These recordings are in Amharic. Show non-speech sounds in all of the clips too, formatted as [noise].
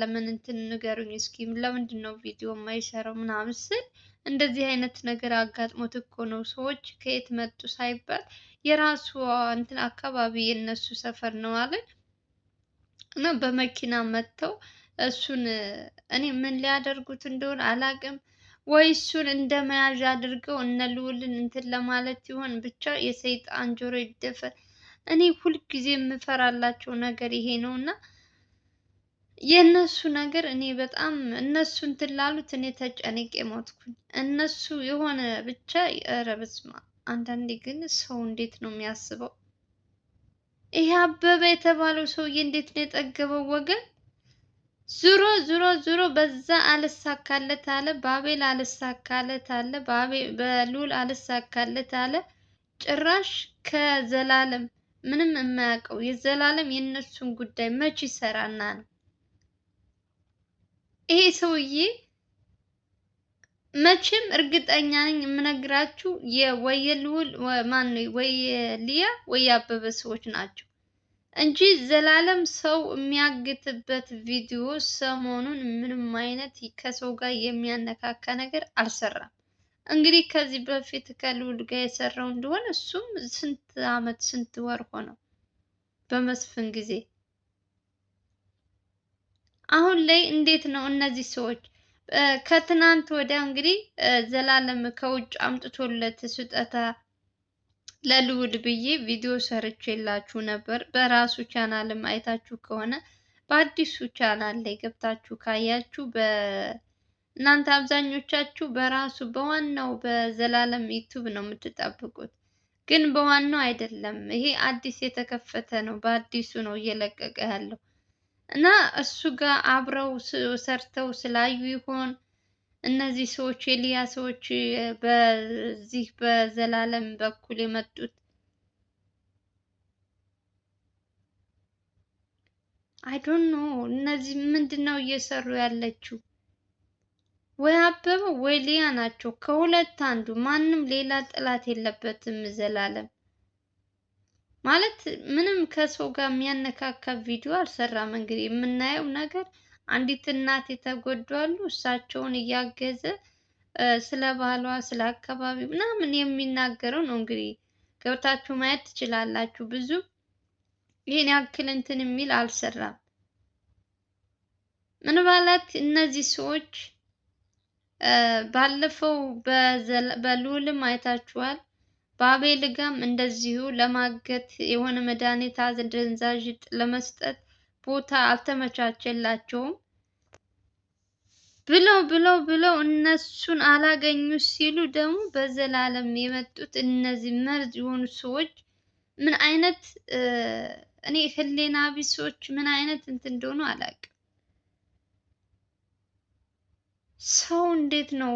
ለምን እንትን ንገሩኝ እስኪ ለምንድን ነው ቪዲዮ የማይሰራው ምናምን ስል እንደዚህ አይነት ነገር አጋጥሞት እኮ ነው። ሰዎች ከየት መጡ ሳይባል የራሱ እንትን አካባቢ የነሱ ሰፈር ነው አለን እና በመኪና መጥተው እሱን እኔ ምን ሊያደርጉት እንደሆነ አላቅም። ወይ እሱን እንደ መያዣ አድርገው እነ ልዑልን እንትን ለማለት ይሆን ብቻ የሰይጣን ጆሮ ይደፈን። እኔ ሁልጊዜ የምፈራላቸው ነገር ይሄ ነው እና የእነሱ ነገር እኔ በጣም እነሱ እንትን ላሉት እኔ ተጨንቄ ሞትኩኝ። እነሱ የሆነ ብቻ ኧረ በስመ አብ። አንዳንዴ ግን ሰው እንዴት ነው የሚያስበው? ይሄ አበበ የተባለው ሰውዬ እንዴት ነው የጠገበው? ወገን ዙሮ ዙሮ ዙሮ በዛ አልሳካለት አለ፣ በአቤል አልሳካለት አለ፣ በሉል አልሳካለት አለ። ጭራሽ ከዘላለም ምንም የማያውቀው የዘላለም የእነሱን ጉዳይ መች ይሰራና ነው ይሄ ሰውዬ መቼም እርግጠኛ ነኝ የምነግራችሁ የወየልውል ማን ወየልያ አበበ ሰዎች ናቸው እንጂ ዘላለም ሰው የሚያግትበት ቪዲዮ ሰሞኑን ምንም አይነት ከሰው ጋር የሚያነካካ ነገር አልሰራም። እንግዲህ ከዚህ በፊት ከልውል ጋር የሰራው እንደሆነ እሱም ስንት አመት ስንት ወር ሆነው በመስፍን ጊዜ አሁን ላይ እንዴት ነው እነዚህ ሰዎች ከትናንት ወዲያ እንግዲህ ዘላለም ከውጭ አምጥቶለት ስጠታ ለልውድ ብዬ ቪዲዮ ሰርቼ የላችሁ ነበር። በራሱ ቻናልም አይታችሁ ከሆነ በአዲሱ ቻናል ላይ ገብታችሁ ካያችሁ እናንተ አብዛኞቻችሁ በራሱ በዋናው በዘላለም ዩቱብ ነው የምትጠብቁት፣ ግን በዋናው አይደለም። ይሄ አዲስ የተከፈተ ነው። በአዲሱ ነው እየለቀቀ ያለው እና እሱ ጋር አብረው ሰርተው ስላዩ ይሆን እነዚህ ሰዎች የሊያ ሰዎች በዚህ በዘላለም በኩል የመጡት አይዶን ኖ እነዚህ ምንድን ነው እየሰሩ ያለችው? ወይ አበበ ወይ ሊያ ናቸው። ከሁለት አንዱ። ማንም ሌላ ጠላት የለበትም ዘላለም ማለት ምንም ከሰው ጋር የሚያነካካ ቪዲዮ አልሰራም። እንግዲህ የምናየው ነገር አንዲት እናት የተጎዷሉ እሳቸውን እያገዘ ስለ ባሏ፣ ስለ አካባቢ ምናምን የሚናገረው ነው። እንግዲህ ገብታችሁ ማየት ትችላላችሁ። ብዙ ይህን ያክል እንትን የሚል አልሰራም። ምን ባላት እነዚህ ሰዎች ባለፈው በልዑልም አይታችኋል በአቤል ጋም እንደዚሁ ለማገት የሆነ መድኃኒት አደንዛዥ ለመስጠት ቦታ አልተመቻቸላቸውም። ብለው ብለው ብለው እነሱን አላገኙ ሲሉ ደግሞ በዘላለም የመጡት እነዚህ መርዝ የሆኑ ሰዎች ምን አይነት እኔ ህሌና ቢስ ሰዎች ምን አይነት እንትን እንደሆኑ አላውቅም። ሰው እንዴት ነው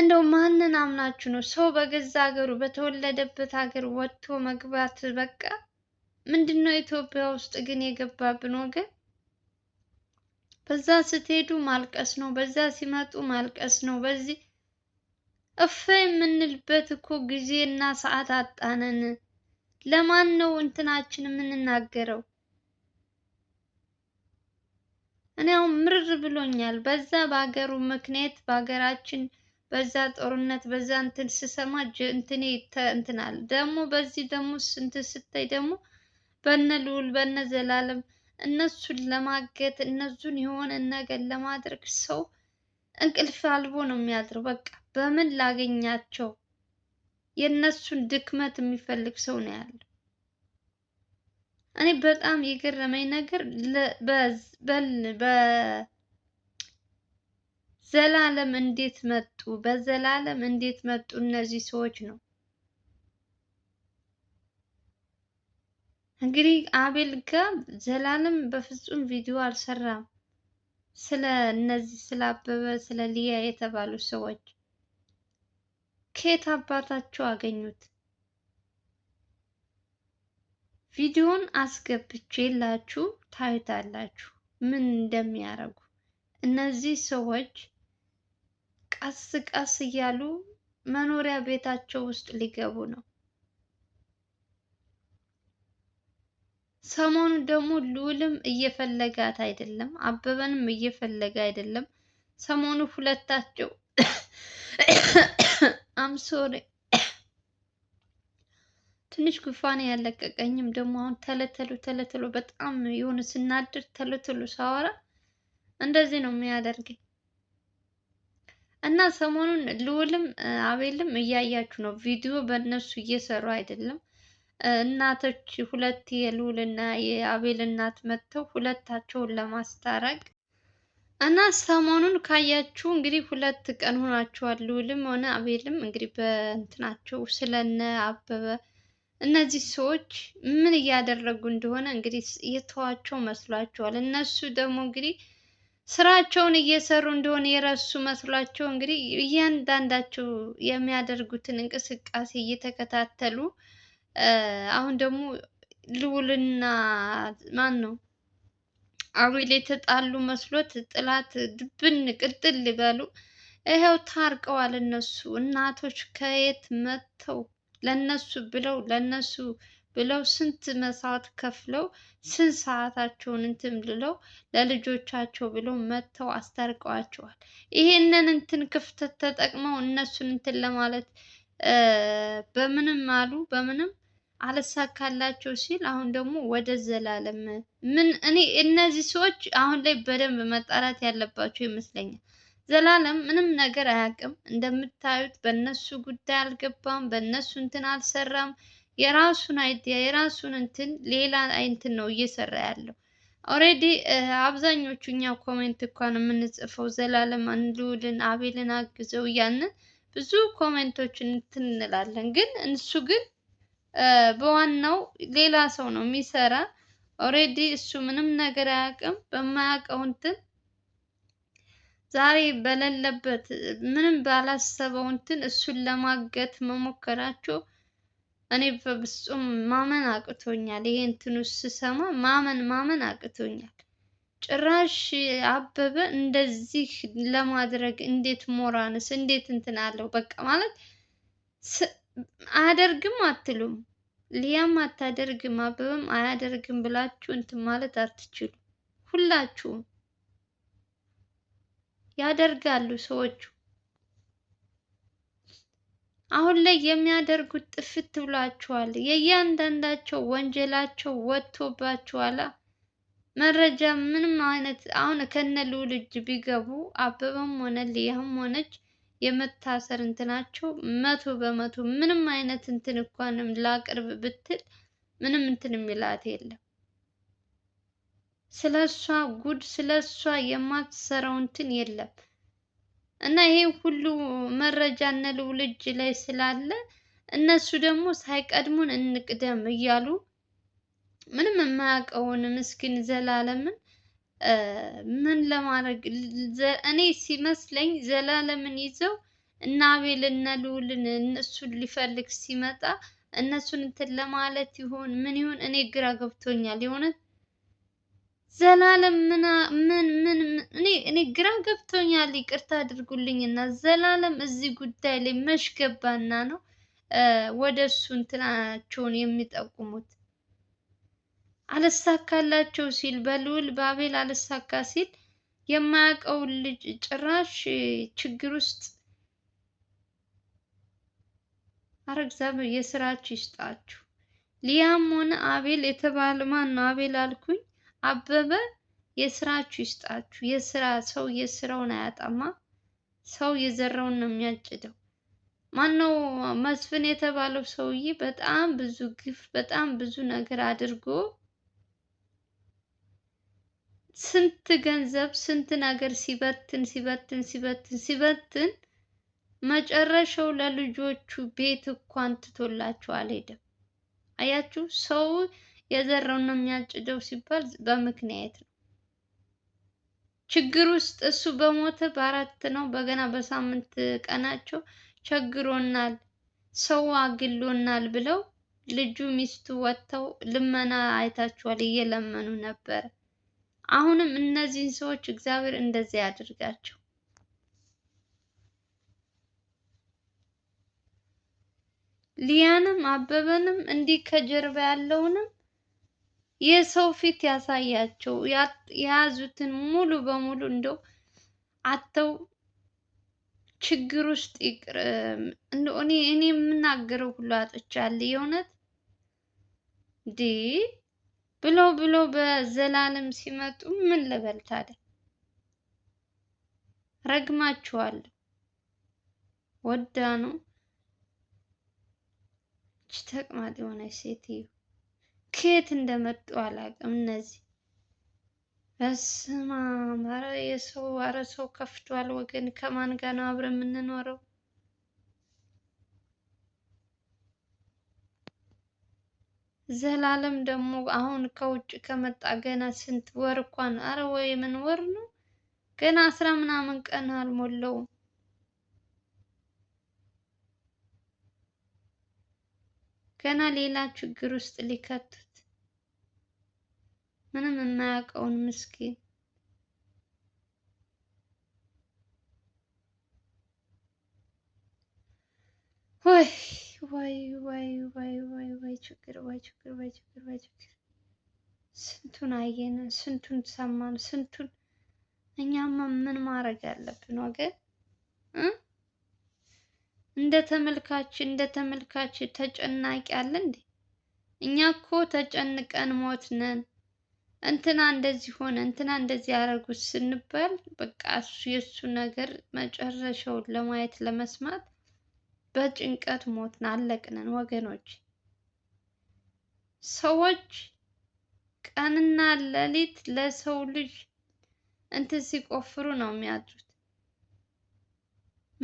እንደው ማንን አምናችሁ ነው ሰው በገዛ ሀገሩ በተወለደበት ሀገር ወጥቶ መግባት? በቃ ምንድን ነው ኢትዮጵያ ውስጥ ግን የገባብን ወገን። በዛ ስትሄዱ ማልቀስ ነው፣ በዛ ሲመጡ ማልቀስ ነው። በዚህ እፍ የምንልበት እኮ ጊዜና ሰዓት አጣነን። ለማን ነው እንትናችን የምንናገረው? እኔ አሁን ምርር ብሎኛል። በዛ በሀገሩ ምክንያት በሀገራችን በዛ ጦርነት በዛ እንትን ስሰማ እንትኔ እንትናል ደግሞ በዚህ ደግሞ ስንት ስታይ ደግሞ በነ ልዑል በነ ዘላለም እነሱን ለማገት እነሱን የሆነ ነገር ለማድረግ ሰው እንቅልፍ አልቦ ነው የሚያድረው። በቃ በምን ላገኛቸው? የእነሱን ድክመት የሚፈልግ ሰው ነው ያለው። እኔ በጣም የገረመኝ ነገር በ ዘላለም እንዴት መጡ? በዘላለም እንዴት መጡ እነዚህ ሰዎች ነው። እንግዲህ አቤል ጋር ዘላለም በፍጹም ቪዲዮ አልሰራም። ስለ እነዚህ ስለ አበበ ስለ ሊያ የተባሉ ሰዎች ከየት አባታቸው አገኙት? ቪዲዮን አስገብቼላችሁ ታዩታላችሁ ምን እንደሚያደርጉ እነዚህ ሰዎች ቀስ ቀስ እያሉ መኖሪያ ቤታቸው ውስጥ ሊገቡ ነው። ሰሞኑ ደግሞ ልዑልም እየፈለጋት አይደለም፣ አበበንም እየፈለገ አይደለም። ሰሞኑ ሁለታቸው አምሶሪ [coughs] ትንሽ ጉንፋን ያለቀቀኝም ደግሞ አሁን ተለተሉ ተለተሉ በጣም የሆነ ስናድር ተለተሉ ሳወራ እንደዚህ ነው የሚያደርገኝ። እና ሰሞኑን ልዑልም አቤልም እያያችሁ ነው። ቪዲዮ በእነሱ እየሰሩ አይደለም። እናቶች ሁለት የልውልና የአቤል እናት መጥተው ሁለታቸውን ለማስታረቅ እና ሰሞኑን ካያችሁ እንግዲህ ሁለት ቀን ሆኗቸዋል። ልዑልም ሆነ አቤልም እንግዲህ በእንትናቸው ስለነ አበበ እነዚህ ሰዎች ምን እያደረጉ እንደሆነ እንግዲህ የተዋቸው መስሏቸዋል። እነሱ ደግሞ እንግዲህ ስራቸውን እየሰሩ እንደሆነ የረሱ መስሏቸው እንግዲህ እያንዳንዳቸው የሚያደርጉትን እንቅስቃሴ እየተከታተሉ አሁን ደግሞ ልዑልና ማን ነው አዊል የተጣሉ መስሎት ጥላት ድብን ቅጥል ሊበሉ ይኸው ታርቀዋል። እነሱ እናቶች ከየት መጥተው ለነሱ ብለው ለነሱ ብለው ስንት መስዋዕት ከፍለው ስንት ሰዓታቸውን እንትን ብለው ለልጆቻቸው ብለው መጥተው አስታርቀዋቸዋል። ይሄንን እንትን ክፍተት ተጠቅመው እነሱን እንትን ለማለት በምንም አሉ በምንም አልሳካላቸው ሲል አሁን ደግሞ ወደ ዘላለም ምን እኔ እነዚህ ሰዎች አሁን ላይ በደንብ መጣራት ያለባቸው ይመስለኛል። ዘላለም ምንም ነገር አያውቅም። እንደምታዩት በእነሱ ጉዳይ አልገባም፣ በእነሱ እንትን አልሰራም። የራሱን አይዲያ የራሱን እንትን ሌላ እንትን ነው እየሰራ ያለው። ኦሬዲ eh, አብዛኞቹ እኛ ኮሜንት እንኳን የምንጽፈው ዘላለም ልዑልን፣ አቤልን አግዘው እያልን ብዙ ኮሜንቶች እንትን እንላለን። ግን እሱ ግን eh, በዋናው ሌላ ሰው ነው የሚሰራ። ኦሬዲ እሱ ምንም ነገር አያውቅም። በማያውቀው እንትን ዛሬ በሌለበት ምንም ባላሰበው እንትን እሱን ለማገት መሞከራቸው እኔ በፍጹም ማመን አቅቶኛል። ይሄ እንትኑ ስሰማ ማመን ማመን አቅቶኛል። ጭራሽ አበበ እንደዚህ ለማድረግ እንዴት ሞራንስ እንዴት እንትን አለው? በቃ ማለት አያደርግም አትሉም። ሊያም አታደርግም አበበም አያደርግም ብላችሁ እንትን ማለት አትችሉም። ሁላችሁም ያደርጋሉ ሰዎቹ አሁን ላይ የሚያደርጉት ጥፍት ብሏቸዋል። የእያንዳንዳቸው ወንጀላቸው ወጥቶባቸዋላ መረጃ ምንም አይነት አሁን ከነ ልዑል እጅ ቢገቡ አበበም ሆነ ሊያም ሆነች የመታሰር እንትናቸው መቶ በመቶ ምንም አይነት እንትን እንኳንም ላቅርብ ብትል ምንም እንትን የሚላት የለም። ስለ እሷ ጉድ ስለ እሷ የማትሰራው እንትን የለም። እና ይሄ ሁሉ መረጃ እነ ልዑል እጅ ላይ ስላለ እነሱ ደግሞ ሳይቀድሙን እንቅደም እያሉ ምንም የማያውቀውን ምስኪን ዘላለምን ምን ለማድረግ እኔ ሲመስለኝ ዘላለምን ይዘው እነ አቤል እነ ልውልን እነሱን ሊፈልግ ሲመጣ እነሱን እንትን ለማለት ይሆን ምን ይሆን? እኔ ግራ ገብቶኛል የሆነት ዘላለም ምን ምን ምን እኔ እኔ ግራ ገብቶኛል። ይቅርታ አድርጉልኝና ዘላለም እዚህ ጉዳይ ላይ መሽገባና ነው ወደ እሱ እንትናቸውን የሚጠቁሙት አልሳካላቸው ሲል በልውል በአቤል አልሳካ ሲል የማያቀው ልጅ ጭራሽ ችግር ውስጥ አረ እግዚአብሔር የስራችሁ ይስጣችሁ። ሊያም ሆነ አቤል የተባለ ማን ነው? አቤል አልኩኝ አበበ የስራችሁ ይስጣችሁ። የስራ ሰው የስራውን አያጣማ። ሰው የዘራውን ነው የሚያጭደው። ማነው መስፍን የተባለው ሰውዬ በጣም ብዙ ግፍ፣ በጣም ብዙ ነገር አድርጎ ስንት ገንዘብ ስንት ነገር ሲበትን ሲበትን ሲበትን ሲበትን መጨረሻው ለልጆቹ ቤት እንኳን ትቶላቸው አልሄደም። አያችሁ ሰው የዘራውን ነው የሚያጭደው ሲባል በምክንያት ነው። ችግር ውስጥ እሱ በሞተ በአራት ነው በገና በሳምንት ቀናቸው ቸግሮናል፣ ሰው አግሎናል ብለው ልጁ ሚስቱ ወጥተው ልመና አይታችኋል፣ እየለመኑ ነበረ። አሁንም እነዚህን ሰዎች እግዚአብሔር እንደዚህ ያድርጋቸው። ሊያንም አበበንም እንዲህ ከጀርባ ያለውንም የሰው ፊት ያሳያቸው። የያዙትን ሙሉ በሙሉ እንደው አተው ችግር ውስጥ ይቅር። እንደ እኔ እኔ የምናገረው ሁሉ አጥቻለሁ። የእውነት ዲ ብሎ ብሎ በዘላለም ሲመጡ ምን ልበል ታዲያ? ረግማችኋለሁ። ወዳ ነው እች ተቅማጥ የሆነች ሴትዮ ከየት እንደመጡ አላውቅም። እነዚህ በስመ ኧረ የሰው ኧረ ሰው ከፍቷል ወገን። ከማን ጋር ነው አብረን የምንኖረው? ዘላለም ደግሞ አሁን ከውጭ ከመጣ ገና ስንት ወር እንኳን አረ ወይ ምን ወር ነው ገና አስራ ምናምን ቀን አልሞላውም። ገና ሌላ ችግር ውስጥ ሊከቱት ምንም የማያውቀውን ምስኪን ወይ ወይ ወይ ወይ ወይ ችግር ወይ ችግር ወይ ችግር ወይ ችግር ስንቱን አየን፣ ስንቱን ሰማን፣ ስንቱን እኛማ ምን ማድረግ አለብን ወገን? እንደ ተመልካች እንደ ተመልካች ተጨናቂ አለ እንዴ? እኛ እኮ ተጨንቀን ሞት ነን። እንትና እንደዚህ ሆነ እንትና እንደዚህ ያደረጉት ስንባል በቃ እሱ የእሱ ነገር መጨረሻውን ለማየት ለመስማት በጭንቀት ሞትን፣ አለቅነን ወገኖች። ሰዎች ቀንና ሌሊት ለሰው ልጅ እንትን ሲቆፍሩ ነው የሚያድሩት።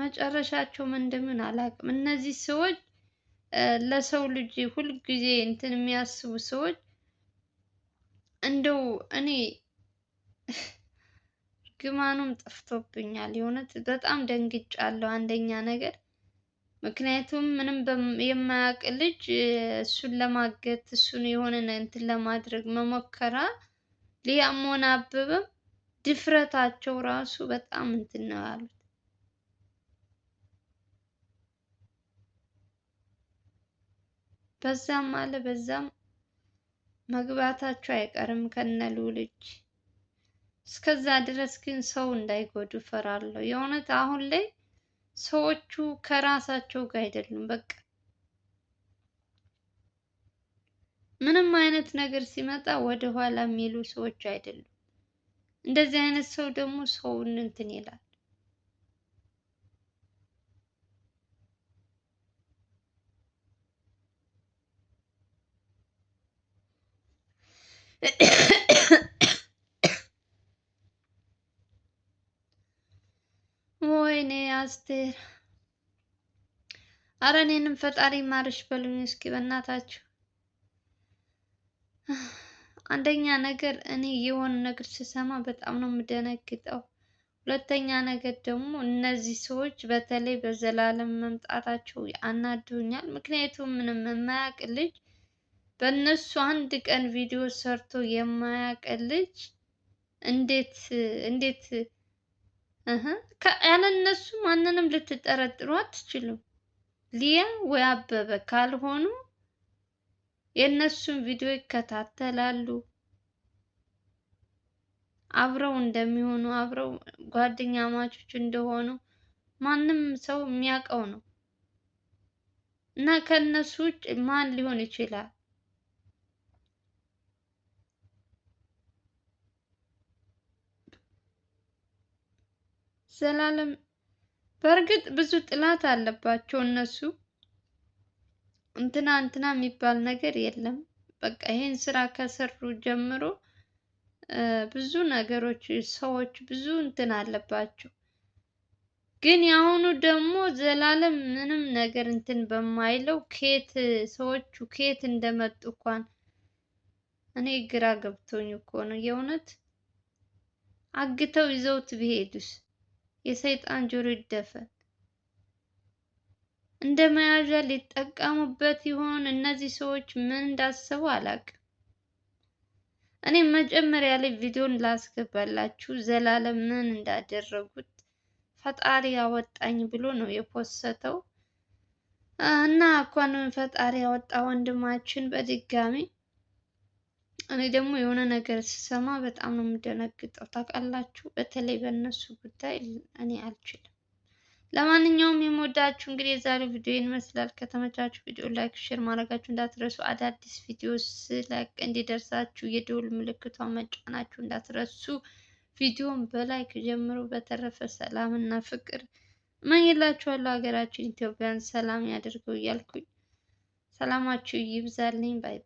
መጨረሻቸው ምንድን አላውቅም። እነዚህ ሰዎች ለሰው ልጅ ሁልጊዜ እንትን የሚያስቡ ሰዎች እንደው እኔ ግማኑም ጠፍቶብኛል። የእውነት በጣም ደንግጫለሁ። አንደኛ ነገር ምክንያቱም ምንም የማያውቅ ልጅ እሱን ለማገት እሱን የሆነ እንትን ለማድረግ መሞከራ ሊያም ሆነ አበበም ድፍረታቸው ራሱ በጣም እንትን ነው ያሉት። በዛም አለ በዛም መግባታቸው አይቀርም ከነሉ ልጅ። እስከዛ ድረስ ግን ሰው እንዳይጎዱ ፈራለሁ። የእውነት አሁን ላይ ሰዎቹ ከራሳቸው ጋር አይደሉም። በቃ ምንም አይነት ነገር ሲመጣ ወደ ኋላ የሚሉ ሰዎች አይደሉም። እንደዚህ አይነት ሰው ደግሞ ሰውን እንትን ይላል። ወይኔ አስቴር፣ አረ እኔንም ፈጣሪ ማርሽ በሉኝ እስኪ በእናታችሁ። አንደኛ ነገር እኔ የሆነ ነገር ስሰማ በጣም ነው የምደነግጠው። ሁለተኛ ነገር ደግሞ እነዚህ ሰዎች በተለይ በዘላለም መምጣታቸው አናድሁኛል። ምክንያቱም ምንም የማያውቅ ልጅ በእነሱ አንድ ቀን ቪዲዮ ሰርቶ የማያውቅ ልጅ እንዴት እንዴት ያለ እነሱ ማንንም ልትጠረጥሩ አትችሉም። ሊያ ወይ አበበ ካልሆኑ የእነሱን ቪዲዮ ይከታተላሉ። አብረው እንደሚሆኑ አብረው ጓደኛ ማቾች እንደሆኑ ማንም ሰው የሚያውቀው ነው እና ከእነሱ ውጭ ማን ሊሆን ይችላል? ዘላለም በእርግጥ ብዙ ጥላት አለባቸው እነሱ። እንትና እንትና የሚባል ነገር የለም። በቃ ይሄን ስራ ከሰሩ ጀምሮ ብዙ ነገሮች ሰዎች ብዙ እንትን አለባቸው። ግን የአሁኑ ደግሞ ዘላለም ምንም ነገር እንትን በማይለው ከየት ሰዎቹ ከየት እንደመጡ እንኳን እኔ ግራ ገብቶኝ እኮ ነው የእውነት አግተው ይዘውት ቢሄዱስ የሰይጣን ጆሮ ይደፈን። እንደ መያዣ ሊጠቀሙበት ይሆን? እነዚህ ሰዎች ምን እንዳሰቡ አላውቅም። እኔ መጀመሪያ ላይ ቪዲዮን ላስገባላችሁ ዘላለም ምን እንዳደረጉት ፈጣሪ ያወጣኝ ብሎ ነው የፖሰተው እና እንኳን ፈጣሪ ያወጣ ወንድማችን በድጋሚ እኔ ደግሞ የሆነ ነገር ስሰማ በጣም ነው የምደነግጠው። ታውቃላችሁ፣ በተለይ በእነሱ ጉዳይ እኔ አልችልም። ለማንኛውም የምወዳችሁ እንግዲህ የዛሬው ቪዲዮ ይመስላል። ከተመቻችሁ ቪዲዮ ላይክ፣ ሼር ማድረጋችሁ እንዳትረሱ። አዳዲስ ቪዲዮ ስለቅ እንዲደርሳችሁ የደውል ምልክቷን መጫናችሁ እንዳትረሱ። ቪዲዮን በላይክ ጀምሮ በተረፈ ሰላም እና ፍቅር እመኝላችኋለሁ። ሀገራችን ኢትዮጵያን ሰላም ያደርገው እያልኩኝ ሰላማችሁ ይብዛልኝ ባይ